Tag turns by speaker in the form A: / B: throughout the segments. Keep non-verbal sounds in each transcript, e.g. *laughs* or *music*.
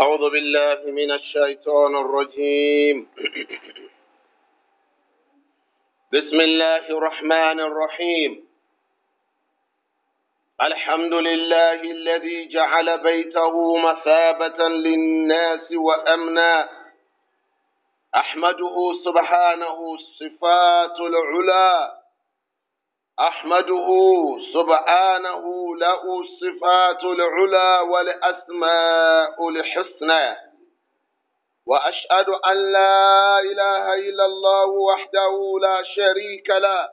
A: أعوذ بالله من الشيطان الرجيم *clears throat* بسم الله الرحمن الرحيم الحمد لله الذي جعل بيته مثابة للناس وأمنا أحمده سبحانه الصفات العلى أحمده سبحانه له الصفات العلى والأسماء الحسنى وأشهد أن لا إله إلا الله وحده لا شريك له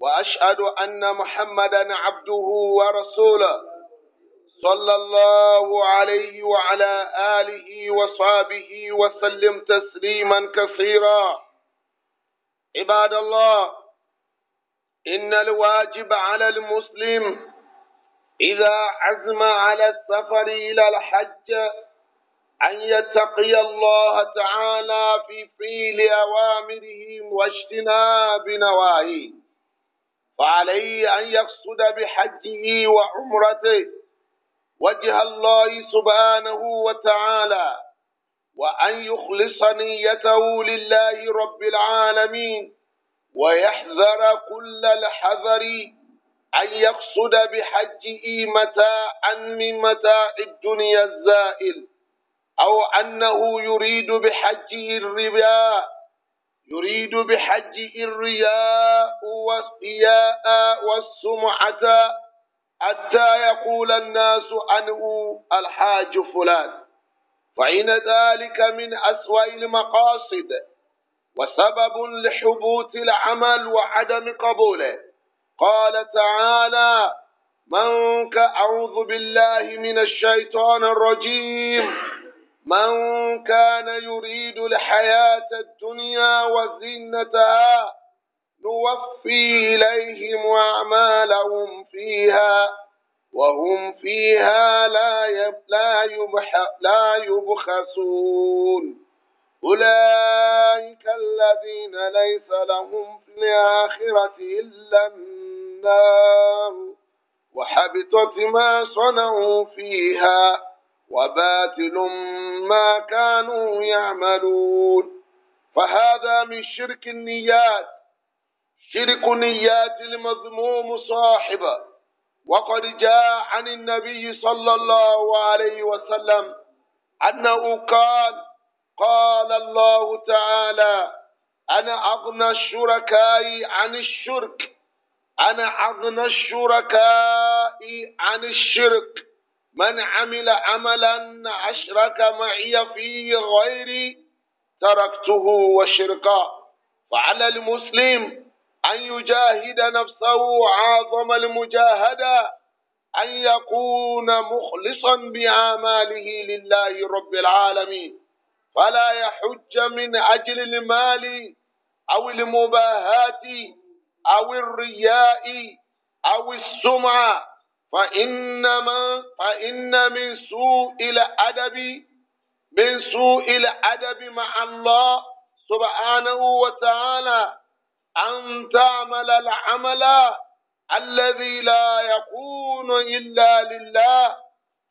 A: وأشهد أن محمدا عبده ورسوله صلى الله عليه وعلى آله وصحبه وسلم تسليما كثيرا عباد الله إن الواجب على المسلم إذا عزم على السفر إلى الحج أن يتقي الله تعالى في فعل أوامره واجتناب نواهيه فعليه أن يقصد بحجه وعمرته وجه الله سبحانه وتعالى وأن يخلص نيته لله رب العالمين ويحذر كل الحذر أن يقصد بحجه متاعا من متاع الدنيا الزائل أو أنه يريد بحجه الربا يريد بحجه الرياء والسياء والسمعة حتى يقول الناس عنه الحاج فلان فإن ذلك من أسوأ المقاصد وسبب لحبوط العمل وعدم قبوله قال تعالى من أعوذ بالله من الشيطان الرجيم من كان يريد الحياة الدنيا وزينتها نوفي إليهم أعمالهم فيها وهم فيها لا يبخسون أولئك الذين ليس لهم في الآخرة إلا النار وحبطت ما صنعوا فيها وباطل ما كانوا يعملون فهذا من شرك النيات شرك النيات المذموم صاحبه وقد جاء عن النبي صلى الله عليه وسلم أنه قال قال الله تعالى أنا أغنى الشركاء عن الشرك أنا أغنى الشركاء عن الشرك من عمل عملا أشرك معي فيه غيري تركته وشركا فعلى المسلم أن يجاهد نفسه عظم المجاهدة أن يكون مخلصا بآماله لله رب العالمين فلا يحج من أجل المال أو المباهاة أو الرياء أو السمعة فإنما فإن من سوء الأدب من سوء الأدب مع الله سبحانه وتعالى أن تعمل العمل الذي لا يكون إلا لله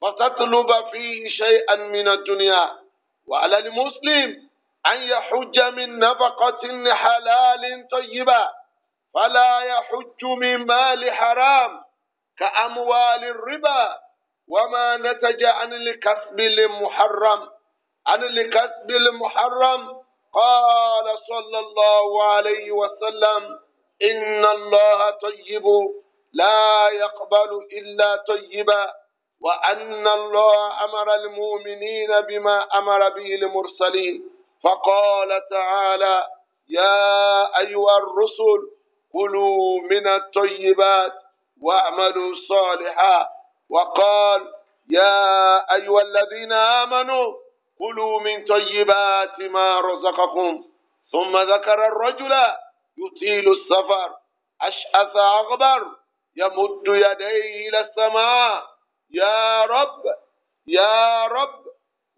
A: فتطلب فيه شيئا من الدنيا وعلى المسلم أن يحج من نفقة حلال طيبة فلا يحج من مال حرام كأموال الربا وما نتج عن الكسب المحرم عن الكسب المحرم قال صلى الله عليه وسلم إن الله طيب لا يقبل إلا طيبا وأن الله أمر المؤمنين بما أمر به المرسلين فقال تعالى يا أيها الرسل كلوا من الطيبات واعملوا صالحا وقال يا أيها الذين آمنوا كلوا من طيبات ما رزقكم ثم ذكر الرجل يطيل السفر أشأث أغبر يمد يديه إلى السماء يا رب يا رب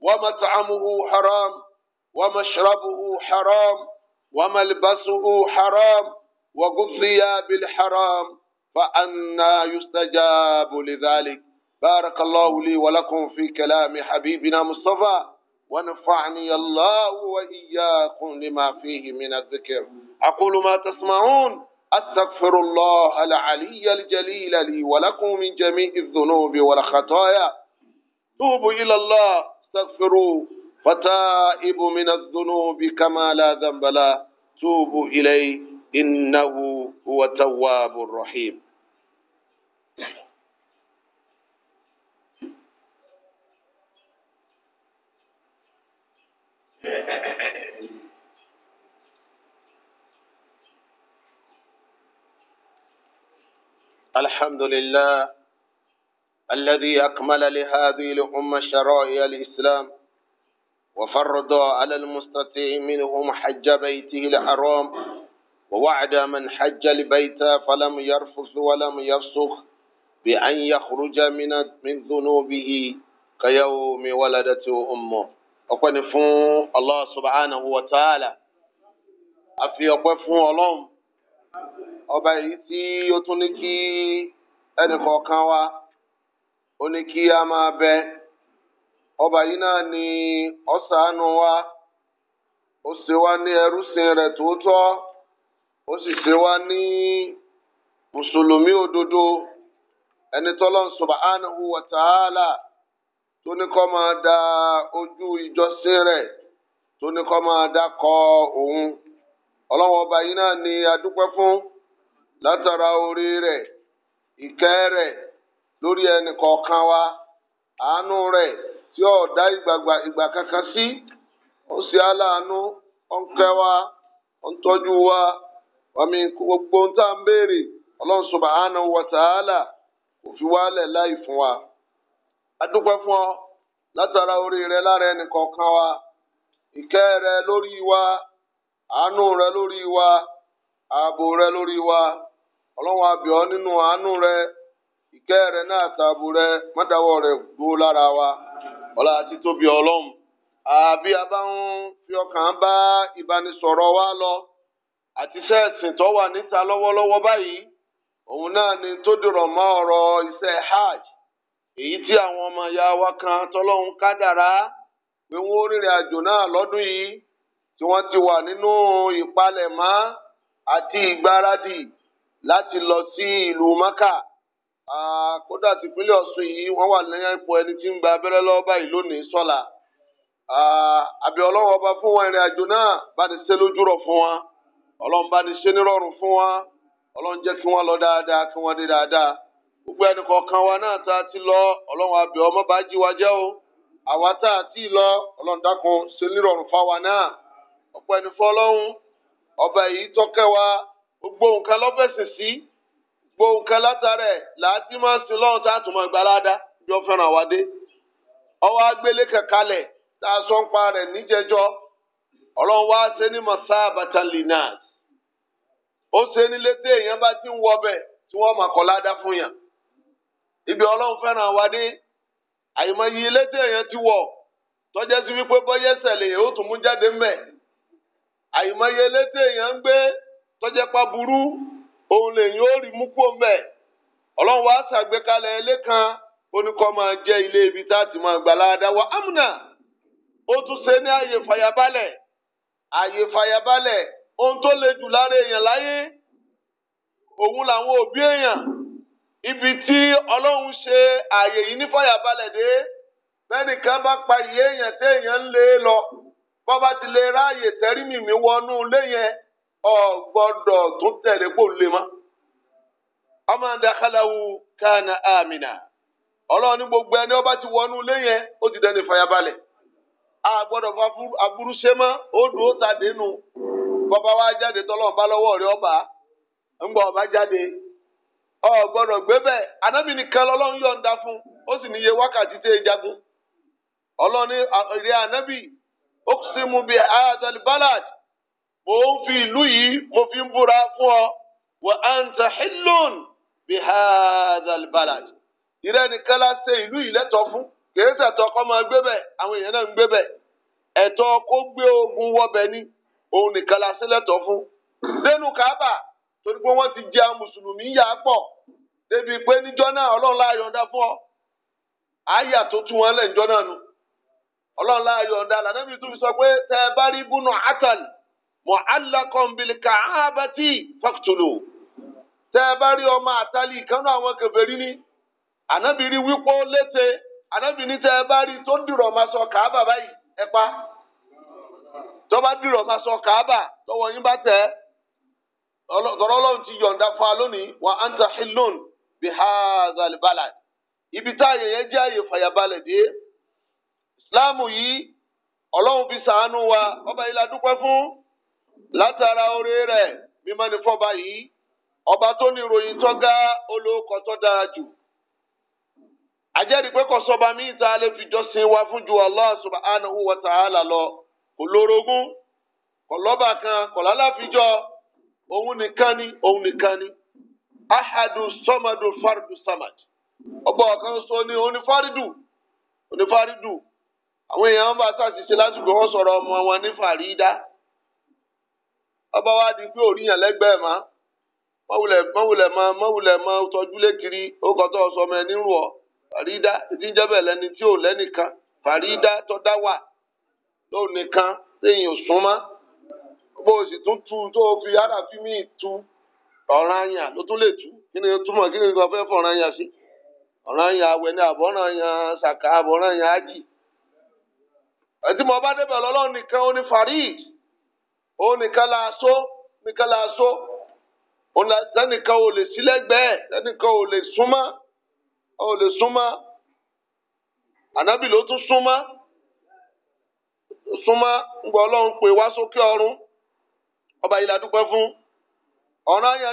A: ومطعمه حرام ومشربه حرام وملبسه حرام وغذي بالحرام فأنا يستجاب لذلك بارك الله لي ولكم في كلام حبيبنا مصطفى ونفعني الله وإياكم لما فيه من الذكر أقول ما تسمعون أستغفر الله العلي الجليل لي ولكم من جميع الذنوب والخطايا توبوا إلى الله استغفروا فتائب من الذنوب كما لا ذنب له توبوا إليه إنه هو التواب الرحيم Yeah. *laughs* الحمد لله الذي أكمل لهذه الأمة شرائع الإسلام وفرض على المستطيع منهم حج بيته الحرام ووعد من حج البيت فلم يرفث ولم يفسخ بأن يخرج من من ذنوبه كيوم ولدته أمه ọpẹ́ الله سبحانه وتعالى أفي wa الله ọba yìí tí ó tún ní kí ẹnìkọ̀ọ̀kan wa ó ní kí a máa bẹ ọba yìí náà ni ó ṣàánú wa ó ṣe wá ní ẹrúsìn rẹ tòótọ́ ó sì ṣe wá ní mùsùlùmí òdodo ẹni tọ́lọ́n subhanahu wa ta'ala tó ní kó máa da ojú ìjọsìn rẹ tó ní kó máa da òun. ọlọ́run ọba yìí náà ni a fún látara orí rẹ̀ ìkẹ́ rẹ̀ lórí ẹnì wa àánú rẹ̀ tí ó dá ìgbà kankan sí ó sì aláàánú ó ń kẹ́ wa ó ń tọ́jú wa wàmí gbogbo ohun tá à ń béèrè ọlọ́run wa kò fi wálẹ̀ láì wa a fún ọ látara orí rẹ̀ lára wa ìkẹ́ rẹ̀ lórí wa. àánú rẹ lórí wa ààbò rẹ lórí wa ọlọ́wọ́n abìọ́ nínú àánú rẹ ìkẹ́ rẹ náà tààbò rẹ mọ́dàwọ́ rẹ gbó lára wa ọlá àti tóbi ọlọ́run àbí a bá ń fi ọkàn bá ìbánisọ̀rọ̀ wa lọ àti iṣẹ́ ẹ̀sìn tó wà níta lọ́wọ́lọ́wọ́ báyìí òun náà ni tó dìrọ̀ mọ́ ọ̀rọ̀ iṣẹ́ hajj èyí tí àwọn ọmọ ìyá wa kan tọ́lọ́hún kádàrá pé wọ́n rìnrìn àjò náà lọ́dún yìí tí wọ́n ti wà nínú ìpalẹ̀mọ́ àti ìgbáradì láti lọ sí ìlú Mẹ́kà kódà tìpínlẹ̀ Ọ̀ṣun yìí wọ́n wà lẹ́yìn ipò ẹni tí ń gba abẹ́rẹ́ lọ́wọ́ báyìí lónìí sọ́la àbí ọlọ́run ọba fún wọn ìrìn àjò náà bá ní ṣe lójú rọ̀ fún wọn ọlọ́run bá ní ṣe nírọ̀rùn fún wọn ọlọ́run jẹ́ kí wọ́n lọ dáadáa kí wọ́n dé dáadáa gbogbo ẹnìkọ̀ọ̀kan wa náà tá a ti lọ ọlọ́run àbẹ̀ ọmọ bá jí wa jẹ́ o àwa tá a ti lọ ọlọ́run dákun ṣe nírọ̀rùn fáwa náà. ọpẹ́ ní fọ́lọ́run ọba èyí tọ́kẹ́ wa gbogbo nǹkan lọ́fẹ̀sìn sí gbogbo nǹkan látara ẹ̀ láti máa sin lọ́run tá a tún máa gbalada yọ fẹ́ràn wa dé agbélé tá a sọ ń pa rẹ̀ wá ní ibi àyìnbó yìí létí èèyàn ti sí wípé àìmọye elétò èèyàn ń gbé tọ́jẹ́pá burú òun lèyìn ó rí mú kó mbẹ̀ ọlọ́run wàá ṣàgbékalẹ̀ ilé kan oníkọ máa jẹ ilé ibi tá a ti máa gbà láadáa amúnà ó tún ṣe ní àyè ohun tó le jù lára èèyàn láyé òun làwọn ibi tí ọlọrun ṣe yìí ní dé bá pa ìyé lọ. bọba ti lè ráàyè tẹ́rí mìmí wọnú ilé yẹn ọ̀gbọ́dọ̀ tún le kó lè mọ́. ọmọ dàkàlàwù kànà amina ọlọ́run ní gbogbo ẹni ọba ti wọnú ilé yẹn ó ti dẹni fàyàbalẹ̀ a gbọ́dọ̀ fà aburú ṣe mọ́ ó ta dénú wa jáde tọ́lọ́run bá lọwọ rẹ ọba ọba jáde nìkan fún ó sì níye wákàtí oksimu bi adal balad mo ń fi ìlú yìí mo fi ń búra fún ọ wa anta hillun bi adal balad ìrẹ́ nìkan la ṣe ìlú yìí lẹ́tọ̀ fún kìí ṣẹ̀tọ́ kọ́ máa gbé bẹ̀ àwọn èèyàn náà ń gbé bẹ̀ ẹ̀tọ́ kó gbé ogun wọbẹ̀ ni òun nìkan la ṣe lẹ́tọ̀ fún dénú kábà torí pé wọ́n ti jẹ mùsùlùmí yà pọ̀ débi pé níjọ́ náà ọlọ́run láyọ̀ǹda fún ọ àyà tó tú wọn lẹ̀ níjọ́ náà nù ọlọ́ọ̀lá ayọ̀ǹda lànàbí tún fi sọ pé tẹ búnú atan mọ alákọ̀ǹbìlìkà ábàtì fàkùtùlù tẹ ọmọ àtàlì àwọn ni ànábì rí wípó létè ànábì ní tẹ tó ń dìrọ̀ máa sọ kàábà báyìí ẹ pa tó dìrọ̀ máa sọ kàábà tọwọ́ yín bá tẹ̀ ti yọ̀ǹda fún wa lónìí islam yìí ọlọ́run fi sàánú wa ọba yìí la dúpẹ́ fún látara oore rẹ̀ mímọ́ ni fọba yìí ọba tó ní ìròyìn tó ga olóòkọ tó dára jù ajẹ́rìí pé kò sọba míì tá lè fi jọ́sìn wa fún ju Allah subhanahu wa ta'ala lọ kò lórogún kò lọ́ba kan kò lálàfíjọ́ òun nìkan ni òun nìkan ni ahadu sọmadu faridu samad ọba ọ̀kan so ni onífaridu onífaridu àwọn èèyàn bá ṣàṣìṣe lásìkò wọn sọrọ ọmọ wọn ní fàrídá ọba wa di pé òríyàn lẹ́gbẹ̀ẹ́ ma mọwulẹ mọwulẹ ma mọwulẹ mọ kiri ó kọ tó sọ ọmọ ẹ nírú ọ fàrídá ètí jẹbẹ lẹni tí ò lẹ́nìkan fàrídá tó wà lónìkan lẹ́yìn òsúnmá bó o sì tu tó o fi ara fi mí tu ọ̀ràn ló tún lè tu kí ni túmọ̀ kí ni fẹ́ fọ̀ràn ẹtí mo bá débẹ̀ lọ́lọ́run nìkan ó ní farid ó nìkan la so nìkan la so ọ ò lè sílẹ̀gbẹ́ẹ̀ sẹ́nìkan ò lè súnmọ́ ò lè ànábì ló tún suma súnmọ́ ngbọ́ ọlọ́run pè wá sókè ọba yìí la dúpẹ́ fún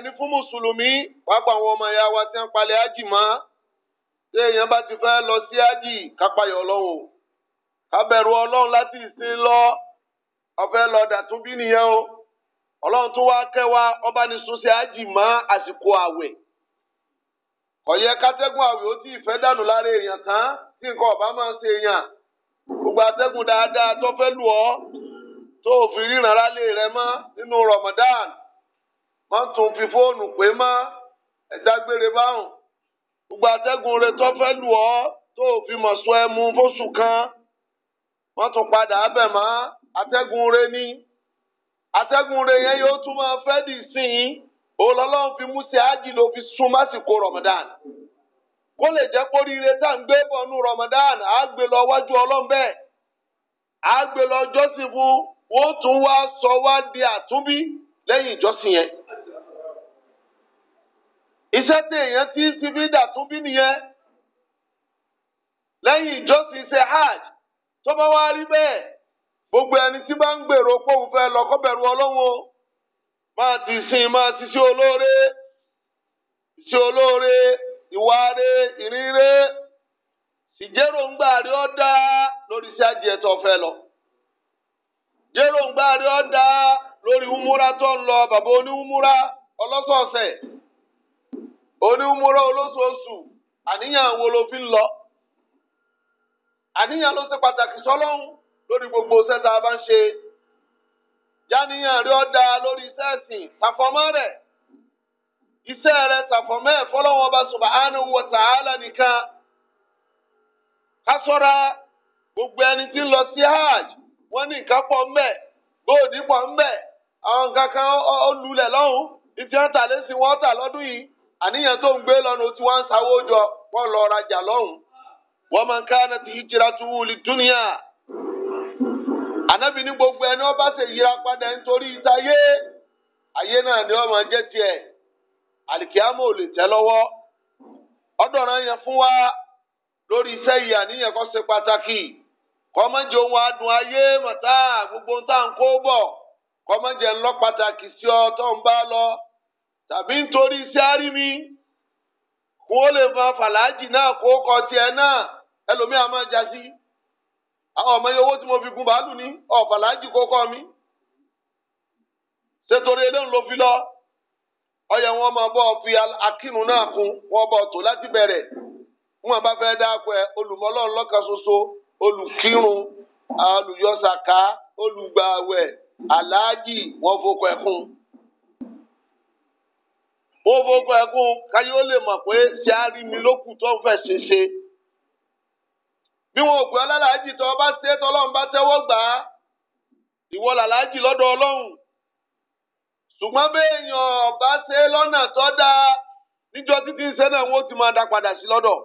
A: ní fún mùsùlùmí pàápàá àwọn ọmọ ìyá wa palẹ̀ ájì mọ́ èèyàn bá ti fẹ́ lọ sí ájì o. kábẹ̀rù ọlọ́run láti ìsìn lọ ọ̀fẹ́ lọ dàtúbí nìyẹn o ọlọ́run tó wá kẹwàá ọba ní sunṣe ájì mọ́ àsìkò àwẹ̀ kọ̀yẹ kátẹ́gùn àwẹ̀ ó ti ìfẹ́ dànù lára èèyàn tán tí nǹkan ọ̀bá máa ń ṣe dáadáa tó fẹ́ lù ọ́ rẹ nínú Ramadan má tún fi fóònù pé gbére báwọn gbogbo rẹ tó lù tó kan. wọ́n tún padà abẹ̀ mọ́ atẹ́gùn rẹ ní atẹ́gùn rẹ yẹn yóò tún máa fẹ́ dì sí i olọ́lọ́run fi músẹ́ ájì ló fi sún másìkò Ramadan kó lè jẹ́ kó rire tá à ń gbé bọ̀nú Ramadan á gbé lọ wájú Ọlọ́run bẹ́ẹ̀ á gbé lọ jọ́sìn fún wọ́n tún wá sọ wá di àtúnbí lẹ́yìn ìjọsìn yẹn iṣẹ́ tí èèyàn ti ti fi dàtúnbí nìyẹn lẹ́yìn ìjọsìn ṣe hajj tọ́ba wá rí bẹ́ẹ̀ gbogbo ẹni tí bá ń gbèrò póun fẹ́ lọ kó bẹ̀rù ti sin máa ti ṣe olóore ṣe olóore ìwà rí ọ́ dá lórí iṣẹ́ ajé tó fẹ́ lọ jẹ́ròǹgbà rí ọ́ bàbá oníwúmúra ọlọ́sọ̀ọ̀sẹ̀ oníwúmúra olóṣooṣù àníyàn wo àníyàn ló ṣe pàtàkì sọ́lọ́hún lórí gbogbo iṣẹ́ tá a bá ń ṣe jáníyàn rí ọ̀dà lórí iṣẹ́ ẹ̀sìn ṣàfọ̀mọ́ rẹ̀ iṣẹ́ rẹ̀ ṣàfọ̀mọ́ ẹ̀ fọlọ́wọ́n ta'ala nìkan kásọ́ra gbogbo ẹni tí ń lọ sí hajj wọ́n ní nǹkan pọ̀ ńbẹ̀ góòdì pọ̀ ńbẹ̀ àwọn nǹkan kan ó lulẹ̀ lọ́hùn ìfi hàn tà lẹ́sìn wọ́n tà lọ́dún yìí waman kanat hijratuhu lidunya anabi ní gbogbo ẹni ó se ṣe yíra padà nítorí ìtayé ayé náà ni ó máa jẹ́ e àlìkíámọ ò le tẹ́ lọ́wọ́ ọdọọràn yẹn fún wa lórí iṣẹ́ ìyà pataki pàtàkì kọmọjẹ ohun adùn ayé mata gbogbo ohun pataki fa ẹlòmíì a máa jásí àwọn ọmọ yẹn owó tí mo fi gun bàálù ní ọ̀fàlájì kókó mi ṣètòrí eléyìí ló fi lọ ọyẹ wọn máa bọ fi akínú náà kún wọn bọ tó láti bẹ̀rẹ̀ wọn bá fẹ́ dáko ẹ olùmọlọ lọ́kàn ṣoṣo olùkírun olùyọsàká olùgbàwẹ̀ aláàjì wọn fọkọ ẹkún wọn fọkọ ẹkún káyọ lè mọ̀ pé ṣe á rí mi lókùtọ fẹsẹ ṣe. bí wọn ò pé ọlálàájì tó ọba ṣe é tọlọ́run bá tẹ́wọ́ gbà á ìwọ làlájì lọ́dọ̀ ọlọ́run ṣùgbọ́n béèyàn ọba ṣe é lọ́nà tó dáa níjọ títí ṣe náà wọn ti máa dá padà sí lọ́dọ̀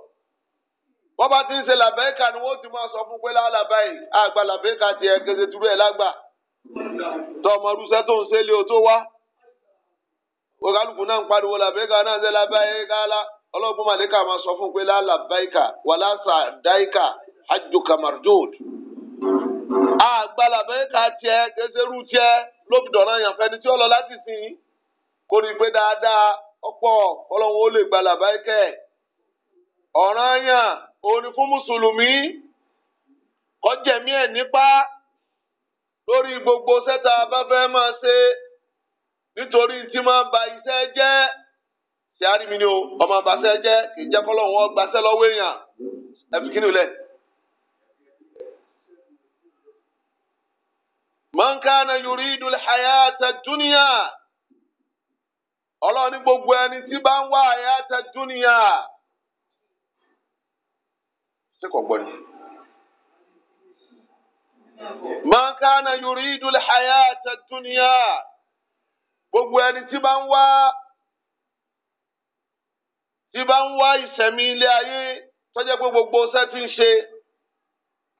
A: ni wọ́n sọ fún pé lálàbá yìí àgbà ẹ̀ lágbà tó ọmọ tó ń ṣe lé o tó wá hajjuka mardud àgbàlà mẹ́ka tiẹ̀ gẹ́gẹ́rú tiẹ̀ lóbìdọ̀nà yànfẹ́ ni tí ó lọ láti sìn kó rí i pé dáadáa ọ̀pọ̀ ọlọ́run ó lè gbàlà báyìí kẹ́ ọ̀ràn yàn òun ni fún mùsùlùmí gbogbo bá ṣe nítorí tí máa ba iṣẹ́ jẹ́ ṣe mi ni man kana yuridul hayata dunya ọlọ́run ní gbogbo ẹni tí bá ń wá hayata dunya ṣé kò gbọ́ ni. man kana yuridul hayata dunya gbogbo ẹni tí bá ń wá tí bá ń wá ìṣẹ̀mí ilé ayé tọ́jẹ́ pé gbogbo ṣẹ́ ti ń ṣe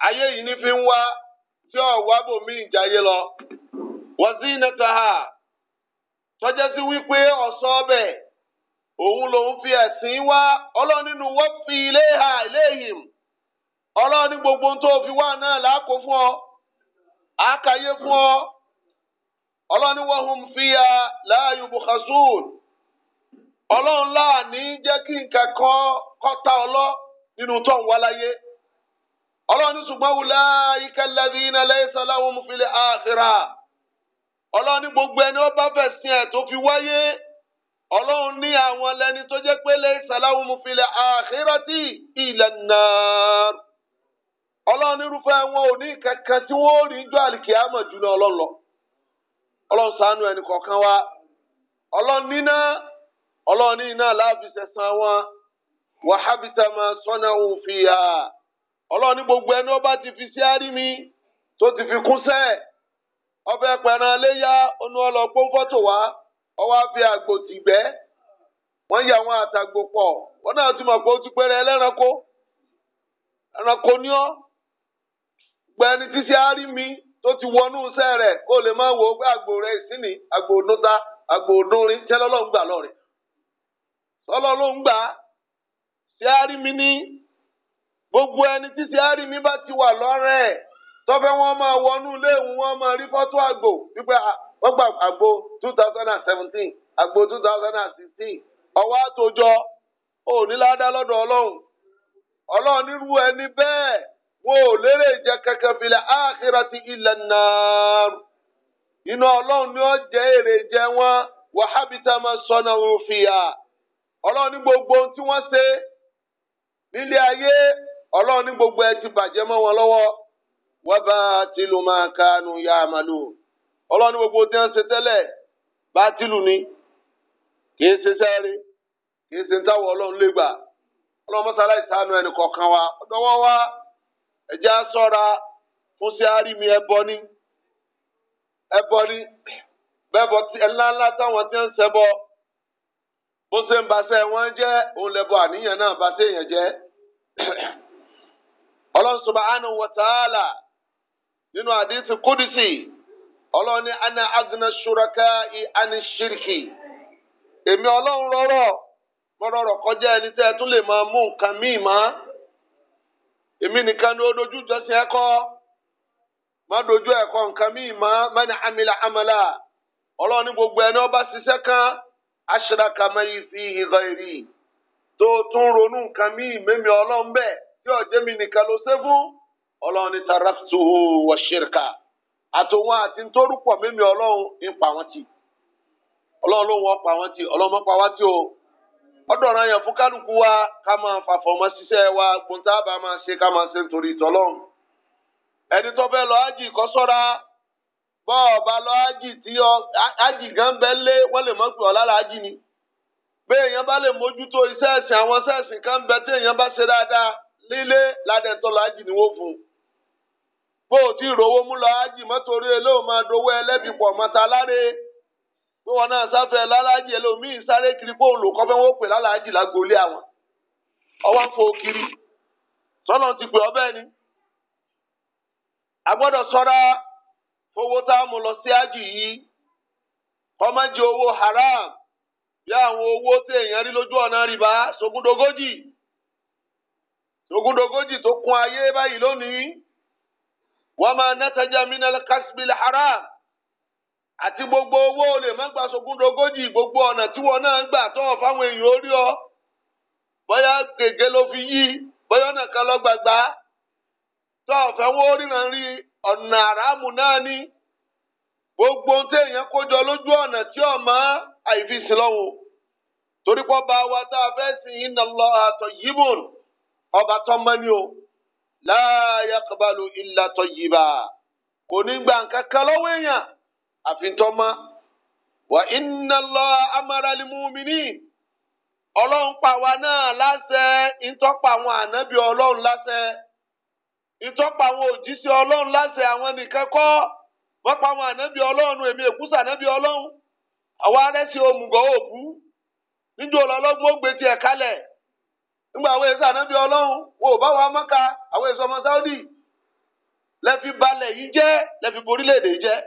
A: ayé yìí ní fi ń wá. tí ọ̀wá bò mí ìjáyé lọ. wọ́n sí nẹ́ta ha tọ́jà sí wípé ọ̀sọ́ ọbẹ̀ òun lòun fi ẹ̀sìn wá ọlọ́run nínú wọ́n fi ilé ha ilé yìí ọlọ́run ní gbogbo tó fi wá náà làákò fún ọ fún ọ ọlọ́run wọ́n hùn fi ya láàyò bùkásùn ọlọ́run láà ní jẹ́ kí nǹkan kan ọlọ́run ní ṣùgbọ́n wùlá ikẹ́lẹ́bí iná lẹ́sẹ̀ láwọn mufilẹ̀ àkìrà ọlọ́run ní gbogbo ẹni ó bá fẹ́ sin ẹ̀ tó fi wáyé ọlọ́run ní àwọn lẹni tó jẹ́ pé lẹ́sẹ̀ láwọn mufilẹ̀ àkìrà tí ilẹ̀ náà ọlọ́run nírúfẹ́ wọn ò ní kankan tí wọ́n rí jọ àlìkìyàmọ̀ jùlọ ọlọ́run lọ ọlọ́run ṣàánú ẹnì kọ̀ọ̀kan wa ọlọ́run níná ọlọ́run ní iná láàbì sẹ̀sán wọn wàhábìtà máa sọ́nà òun ọlọ́ọ̀ni gbogbo ẹni ọba ti fi sí mi tó ti fi kún sẹ́ẹ̀ ọbẹ̀ pẹ̀ràn léyà onú ọlọ́gbọ́n fọ́tò wá ọwọ́ àfi àgbò tìgbẹ́ wọ́n yà wọn àtàgbò pọ̀ wọ́n náà ti mọ̀ pé ó ti péré ẹlẹ́ranko ẹranko ní ọ́ tó ti wọnú rẹ̀ kó lè wò ó pé àgbò rẹ̀ ìsínì àgbò gbogbo ẹni títí àrímí bá ti wà lọ́rẹ̀ ẹ̀ tọ́fẹ́ wọn máa wọnú ilé ìwọ̀n wọn máa rí fọ́tò àgbò wípé wọ́n gba àgbò two thousand and seventeen àgbò two thousand and sixteen ọwọ́ àtòjọ òní ládàá lọ́dọ̀ ọlọ́run ọlọ́run nírú ẹni bẹ́ẹ̀ wọn ò lérè jẹ kankan filẹ̀ áàkìrati ilẹ̀ nàárù iná ọlọ́run ni ó jẹ́ èrè jẹ wọn wàhábìtà máa sọnà òfìyà ọlọ́run ní gbogbo ohun tí wọ́n ṣe nílé ayé ọlọ́run gbogbo ẹ ti bàjẹ́ mọ́ wọn lọ́wọ́ wọ́n bá tìlù máa kánú ya àmàlù ọlọ́run gbogbo tí wọ́n ṣe tẹ́lẹ̀ bá tìlù ni kì í ṣe sẹ́rí kì í ṣe ń ọlọ́run lè gbà ọlọ́run mọ́sálá ìsànú ẹnì kọ̀ọ̀kan wa wa ẹ̀já sọ́ra fún sí ẹbọ ní ẹbọ ní bẹ́ẹ̀bọ ọlọ́run subhanahu wa ta'ala nínú àdìsí kudisi ọlọ́run ní ana agna suraka i ani shirki. èmi ọlọ́run rọrọ mo rọrọ̀ kọjá ẹni ma ẹ tún lè máa mú nǹkan míì èmi nìkan ni ó dojú ìjọsìn ẹkọ má dojú ẹkọ nǹkan amala ọlọ́run ní gbogbo ẹni ọba ṣiṣẹ́ kan sí tó tún ronú nǹkan míì mẹ́mi ọlọ́run bẹ́ẹ̀. tí ọjọọ mi nìkan ló ṣe ọlọ́run ní taraftu wa ṣirka àtòwọn àti ntórúpọ̀ mímí ọlọ́run ń pa wọ́n tì ọlọ́run ló ń wọ́n pa wọ́n tì ọlọ́run mọ́ pa wá tì o yẹn fún kálukú wa ká máa ṣiṣẹ́ wa máa ṣe ká máa ṣe nítorí ìtọ́lọ́run ẹni tó fẹ́ lọ ájì kọ́ sọ́ra bọ́ọ̀bá lọ lé wọ́n lè ni bẹ́ẹ̀ bá lè mójútó iṣẹ́ ẹ̀sìn lílé ládẹ́tọ́ láàjì ni wọ́n fún un bó o ti rówó mú lọ ájì mọ́tòrí eléwọ́n máa dowó ẹlẹ́bi pọ̀ mọ́ta láre bí wọn náà sáfẹ́ lálàájì ẹlòmíín sáré kiri pé o lò kọ́ fẹ́ wọ́n pè lálàájì lágolé àwọn ọwọ́ ń fo kiri sọ́nà ti pè ni a gbọ́dọ̀ sọ́ra owó tá a mú lọ sí ájì yìí owó haram bí àwọn owó rí lójú ọ̀nà rìbá ogundogójì tó kún ayé báyìí lónìí wa ma nataja minal kasbil haram àti gbogbo owó olè má gba gbogbo ọ̀nà tí wọn náà gbà tọ́ fáwọn èèyàn orí ọ bóyá gègé ló fi yí bóyá ọ̀nà kan lọ gbàgbá ríran rí gbogbo tí èèyàn kójọ lójú ọ̀nà tí torí pọ́ bá wa tá ọba tọ́mọ́ni o la yaqbalu illa tayyiba kò ní gba nǹkan kan lọ́wọ́ èèyàn àfi tọ́mọ́ wa inna Allaha amara al-mu'minin ọlọ́run pa wa náà láṣẹ ìtọ́pa àwọn ànábì ọlọ́run láṣẹ ìtọ́pa àwọn òjíṣẹ́ ọlọ́run láṣẹ àwọn nìkan kọ́ wọ́n pa àwọn ànábì ọlọ́run èmi èkúsà ànábì ọlọ́run àwọn arẹ́sì òmùgọ̀ òkú níjọ́ ọlọ́gbọ́n gbé tiẹ̀ nígbà àwọn èso ànábì ọlọ́run wọn ò bá wọn mọ́ka àwọn ọmọ sáúdì lẹ́fi balẹ̀ yìí jẹ́ lẹ́fi borílẹ̀ yìí jẹ́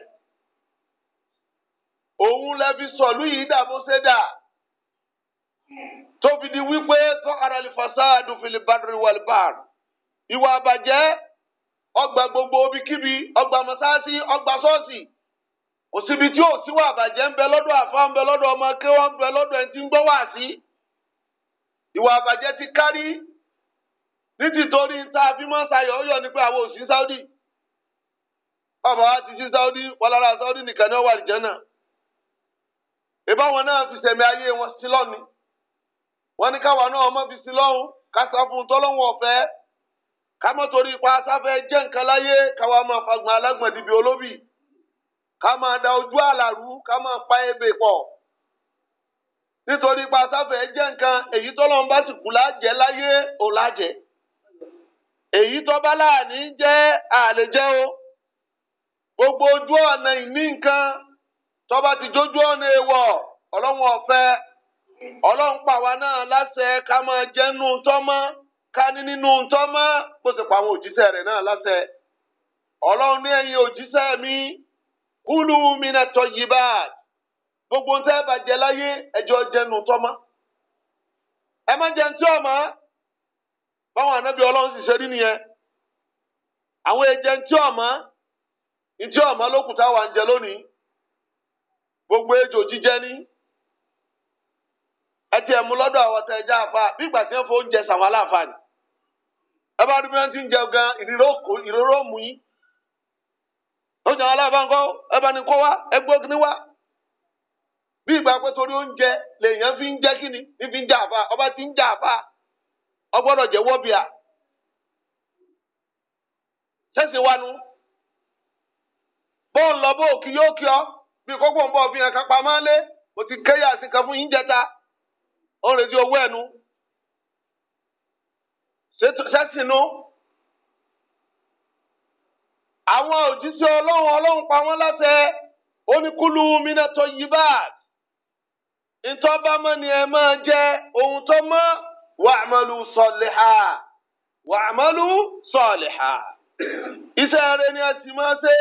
A: òun lẹ́fi sọ̀lú yìí dà bó ṣe dà fi di wípé kọ́ aralifasa dùfìlì badri wàlbàr ìwà àbàjẹ, ọgbà gbogbo obìkíbi ọgbà mọ́sáàsì ọgbà sọ́ọ̀sì òsibítí òsínwó àbàjẹ́ ń bẹ lọ́dọ̀ àfa ń bẹ ọmọ ń bẹ ìwà àbàjẹ́ ti kárí nítìtorí tá a fi mọ́ sayọ̀ ọ̀yọ́ ni pé àwọn òsín Saudi ọmọ wa ti sí Saudi wọn lára Saudi nìkan ni wọn wà lìjẹ́ náà ìbáwọn náà fi sẹ̀mí ayé wọn sí lọ́ni wọn ní káwa náà ọmọ fi sí lọ́hùn kásá fún tọ́lọ́hùn ọ̀fẹ́ kámọ́ torí ipa sáfẹ́ jẹ́ nǹkan láyé káwa máa fagbọn alágbọ̀n dìbì olóbì ká máa da ojú àlàrú ká máa pa ebè pọ̀ nítorí pa sáfẹ́ jẹ́ nǹkan èyí tọ́lọ́run bá sì kú lájẹ́ láyé ò lájẹ́ èyí tó bá láàní jẹ́ àlejẹ́ o gbogbo ojú ọ̀nà ìní nǹkan tó bá ti jójú ọ̀nà èèwọ̀ ọlọ́run ọ̀fẹ́ ọlọ́run pàwa náà láṣẹ ká máa jẹ́ nù tọ́mọ́ ká ní nínú tọ́mọ́ bó ti pa àwọn òjíṣẹ́ rẹ̀ náà láṣẹ ọlọ́run ní ẹ̀yin òjíṣẹ́ mi kúlù mi nà tọ́yìí báàdì. gbogbo ń tẹ́ jẹ láyé ẹjọ́ jẹnu tọ́mọ́ ẹ má jẹun tí ọmọ báwọn anábì ọlọ́run sì ṣe rí nìyẹn àwọn ẹjẹ ń ọmọ ń ọmọ lókùtà wà ń jẹ gbogbo ejò jíjẹ ní ẹtì ẹmu lọ́dọ̀ àwọn ọtẹ bigba àfa bí ìgbà tí wọ́n fọ oúnjẹ sàwọn aláǹfààní ẹ bá rí ń jẹ gan mú yín aláǹfààní ẹ bá bí ìgbà pé torí oúnjẹ lèèyàn fi ń jẹ́ kí ni ní fi ń jẹ ọba ti ń jẹ àfa ọgbọ́dọ̀ jẹ́wọ́ bíà sẹ́sìn wanu bọ́ọ̀lù lọ bó òkì yóò kí ọ bí kókó ń bọ̀ fi hàn kápá máa lé mo ti kéyà sí kan fún yín jẹta ó ń retí owó ẹnu nu àwọn òjíṣẹ́ ọlọ́run ọlọ́run pa wọ́n ntọ́bámọ́ ni ẹ máa jẹ́ ohun tó mọ́ wàmọ́lù sọ̀lìhà wàmọ́lù sọ̀lìhà. iṣẹ́ rẹ ni a ti máa ṣe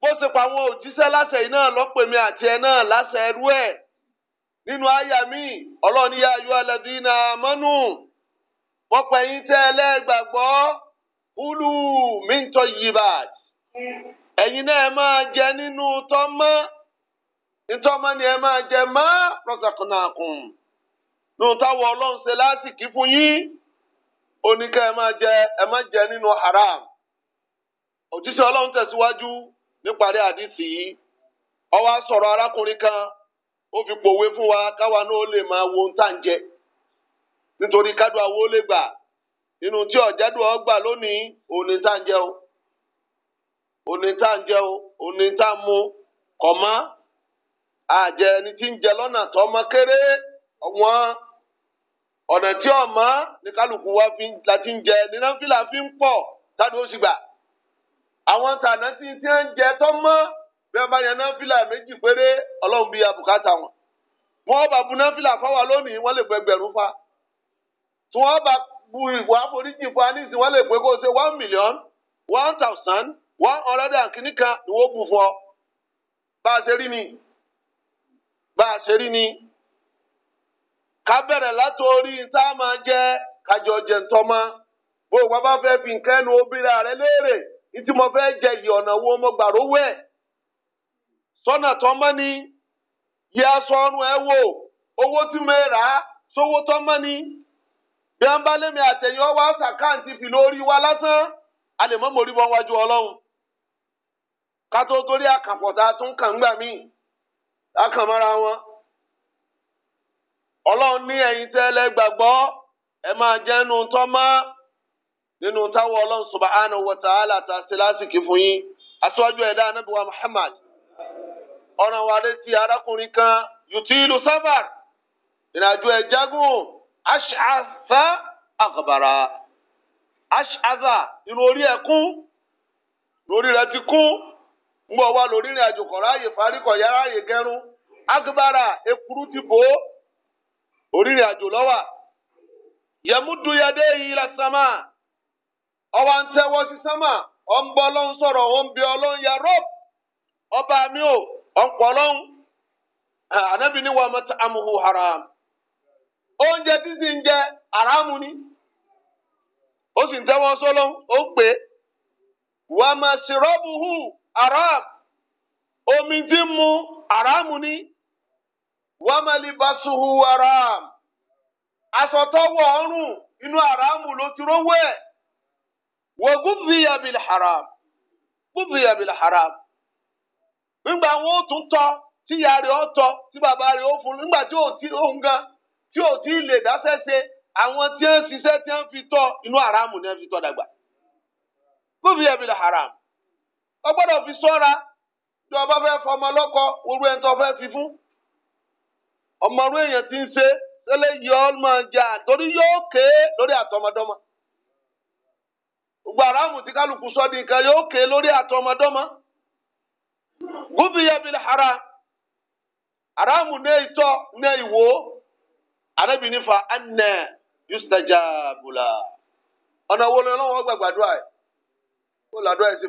A: bó ṣe pa àwọn òjíṣẹ́ láṣẹ iná lọ́pẹ̀mí àti ẹ̀ náà láṣẹ ẹrú ẹ̀ nínú àyà mi ọlọ́ọ̀ni yá ayọ́ alẹ́dínà mọ́nù pọ́pẹ́ yín tẹ́ ẹlẹ́gbàgbọ́ kúlù mí ń tọ́ yìí bàt ẹ̀yin náà máa jẹ nínú tọ́ mọ́. nítorí ọmọ ni ẹ máa jẹ mọ́ rọ́sàkùnàkùn nínú táwọn ọlọ́run ṣe láti kí fún yín oníkẹ́ ẹ máa jẹ ẹ má jẹ nínú haram òjíṣẹ́ ọlọ́run tẹ̀síwájú níparí àdìsí yìí ó sọ̀rọ̀ arákùnrin kan ó fi pòwe fún wa káwa náà ó lè máa wo ohun tá à ń jẹ nítorí kádùn àwọn lè gbà nínú tí ọ̀jẹ̀dùn ọgbà lónìí òní tá à ń jẹ o òní tá à ń jẹ o òní tá à ń mu kọ̀ mọ́. àjẹ ẹni tí ń jẹ lọ́nà tó mọ kéré wọn ọ̀nà tí ọ̀mọ́ ní kálukú wa fi láti ń jẹ ní náfìlà fi ń pọ̀ tádùn ó sì gbà àwọn tànà tí tí ń jẹ tó mọ́ bí wọ́n bá yẹn náfìlà méjì péré ọlọ́run bí abùkátà wọn wọn bá bu náfìlà fáwa lónìí wọn lè fẹ́ gbẹ̀rún fa tí wọn bá bu ìwà àforíjì fún anísìn wọn lè pé kó o ṣe one million one thousand one hundred and kìíní kan ni wọn bù fún ọ bá a ṣe rí ni. bá a ṣe rí ni ká bẹ̀rẹ̀ látòrí tá a máa jẹ kájọ jẹ ń tọ́mọ́ bó o bá fẹ́ fi nǹkan ẹnu obìnrin rẹ léèrè ní tí mo fẹ́ jẹ yìí ọ̀nà wo mo gbà rówó ẹ̀ sọ́nà ni aṣọ ọrùn ẹ wò owó tí mo rà ni bí wọ́n bá wa lásán a lè mọ́ mọ́ orí akànmọ́ra wọn ọlọ́run ní ẹ̀yin tẹ́ lẹ́gbàgbọ́ ẹ máa jẹ́ nu tọ́ nínú táwọn ọlọ́run subhanahu ta silasiki lásìkò fún yín aṣáájú Muhammad ọ̀ràn wa létí arákùnrin kan yutilu safar ìrìnàjò ẹ̀jágùn aṣáfẹ́ àkàbàrà aṣáfà irun orí ẹ̀kún rẹ̀ ti mgbe wa lórí ìrìn àjò kọ̀ ráàyè parí kọ̀ yá ráàyè gẹrun agbara ekuru ti bò ó orí lọwa, àjò lọ́wà yẹmúdu la sámà ọwọ́ ń tẹ́wọ́ sí sámà ọ ń bọ́ lọ́n sọ̀rọ̀ ọ ń bí ọlọ́n ya rọp! ọba mi o, ọ ń pọ̀ lọ́n anabi ni wàá mọ́tà amuhu haram oúnjẹ títí ń jẹ haramu ni ó sì ń tẹ́wọ́ sọ́lọ́n ó ń pè wàá ma sírọ́bù hù. haram omi dị ń mu ni wàmàlì basuhu haram aṣọ tó wọ̀ ọrùn inú haramu ló ti rówó ẹ̀ haram gùnfìyà haram nígbà wọn ò tún tí ìyá rẹ̀ tí bàbá rẹ̀ ó fún nígbà tí ò tí òun gan tí ò tí lè dáṣẹ́ ṣe àwọn tí ń tí ń fi ọ gbọdọ fi sọ́ra tí ọba fẹ́ fọmọ lọ́kọ orú ẹni tó fẹ́ fi fún ọmọrú èèyàn ti ń ṣe tẹ́lẹ̀ yọọ máa jà torí yóò ké lórí àtọmọdọ́mọ gbogbo aráàmù tí kálukú sọ di nǹkan yóò ké lórí àtọmọdọ́mọ bíi hara aráàmù ìwò arábìnrin fa anẹ ọ̀nà wo ni ọlọ́wọ́ kó sì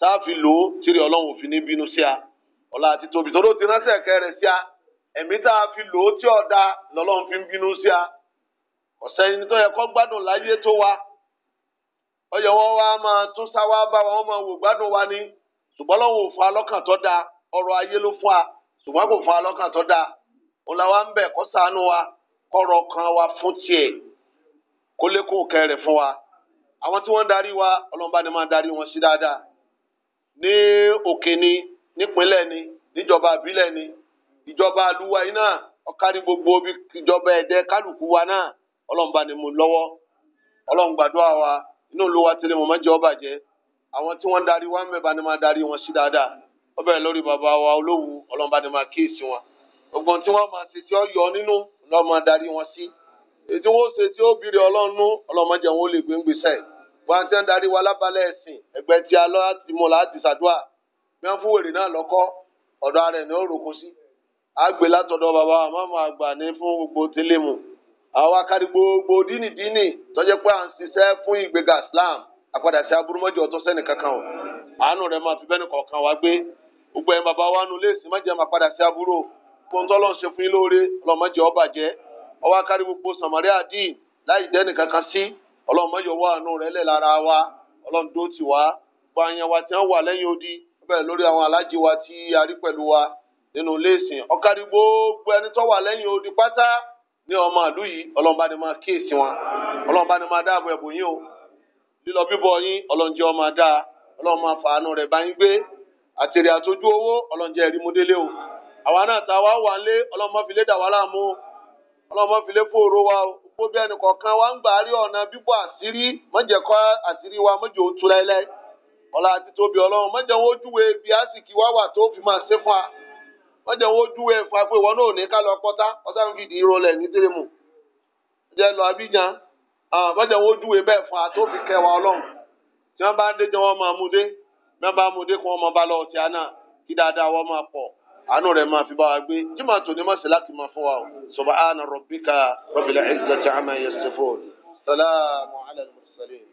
A: tá a fi lò ó tíri ọlọ́run òfin ní bínú sí a ọlá àti tóbi tó ló ti ránṣẹ́ kẹrẹ sí a ẹ̀mí tá a fi lò ó tí ọ̀dà lọ́lọ́run fi ń bínú sí a ọ̀sẹ̀ ẹni tó yẹ kó gbádùn láyé tó wa ọyọ wọn wá máa tún sáwá bá wọn máa wò gbádùn wa ni ṣùgbọ́n lọ́wọ́ òfin alọ́kàn tó dáa ọrọ̀ ayé ló fún wa ṣùgbọ́n kò fún alọ́kàn tó dáa òun làwa ń bẹ̀ kó ṣàánú wa kọ́rọ̀ kan wa fún tiẹ̀ kó lékún kẹrẹ̀ fún wa àwọn tí wọ́n darí wa ọlọ́run ni máa darí wọn sí dáadáa. ní òkè ni nípínlẹ̀ ni níjọba ìbílẹ̀ ni ìjọba àlùwà yìí náà ọ̀kárí gbogbo bí ìjọba ẹ̀dẹ́ kálukú wa náà ọlọ́run bá lọ́wọ́ ọlọ́run wa inú olúwa tẹ́lẹ̀ mọ̀ àwọn tí wọ́n darí wa ń ni máa darí wọn sí dáadáa lórí bàbá wa máa kíyèsí wọn tí wọ́n máa ṣe tí ó yọ nínú darí wọn sí ètò wọn ṣe tí ó bìrì ọlọ́run ó lè gbé ń wọn ti ń darí wa lábalẹ̀ ẹ̀sìn ẹgbẹ́ tí a lọ́ láti mọ̀ láti ṣàdúrà bí wọ́n fún wèrè náà lọ́kọ́ ọ̀dọ̀ ara ẹ̀ ní ó roko sí. a gbé látọ̀dọ̀ bàbá àmọ́mọ́ àgbà ní fún gbogbo tẹ́lẹ̀mù àwọn akárí gbogbo dínìdínì tọ́jẹ́ pé à ń ṣiṣẹ́ fún ìgbéga Islam àpadà sí aburúmọ́jọ tó sẹ́ni kankan o àánú rẹ̀ máa fi bẹ́ẹ̀ kọ̀ọ̀kan wá gbé gbogbo ẹ̀ bàbá wa nu léèsì má jẹ́ máa padà sí aburú kóńtọ́ lọ́n ṣe fún yín lóore ọlọ́mọdé ọbàjẹ́ ọwọ́ akárí gbogbo Samaria dín láì dẹ́nì kankan sí ọlọ́run mọ́yọ̀ wá àánú rẹ̀ lẹ̀ lára wa ọlọ́run dó tì wá gba àyàn wa tí wọ́n wà lẹ́yìn odi bẹ́ẹ̀ lórí àwọn alájí wa tí a rí pẹ̀lú wa nínú ilé ìsìn ọ̀kárí gbogbo ẹni tó wà lẹ́yìn odi pátá ní ọmọ ìlú yìí ọlọ́run bá ní máa kíyèsí wọn ọlọ́run bá ní máa dáàbò ẹ̀bù yín o lílọ bíbọ̀ yín ọlọ́run jẹ́ ọmọ dáa ọlọ́run máa fàánú rẹ̀ bá yín gbé àtẹ̀rẹ̀ àtọ́jú owó ọlọ́run jẹ́ ẹ̀rímúdélé o àwa náà ta wá wà lé ọlọ́run má fi lé dà wá ọlọ́run má fi lé fòrò wa o gbogbo ẹnì kọ̀ọ̀kan wa ń gbà rí ọ̀nà bíbọ̀ àṣírí mọ̀jẹ̀kọ́ àṣírí wa mọ̀jẹ̀ òtún lẹ́lẹ́ ọ̀la àti tóbi ọlọ́run mọ̀jẹ̀ wọn ojúwe bí àsìkí wá wà tó fi máa ṣe fún wa mọ̀jẹ̀ wọn ojúwe fún wa pé ìwọ náà ò ní ká lọ pọ́tá ọ̀sán ní lọ àánú rẹ̀ máa fi bá wa gbé jimá tó ní mọ̀sẹ̀ láti máa fún wa o subhana rabbika rabbil izzati amma yasifun salaamu ala al-mursalin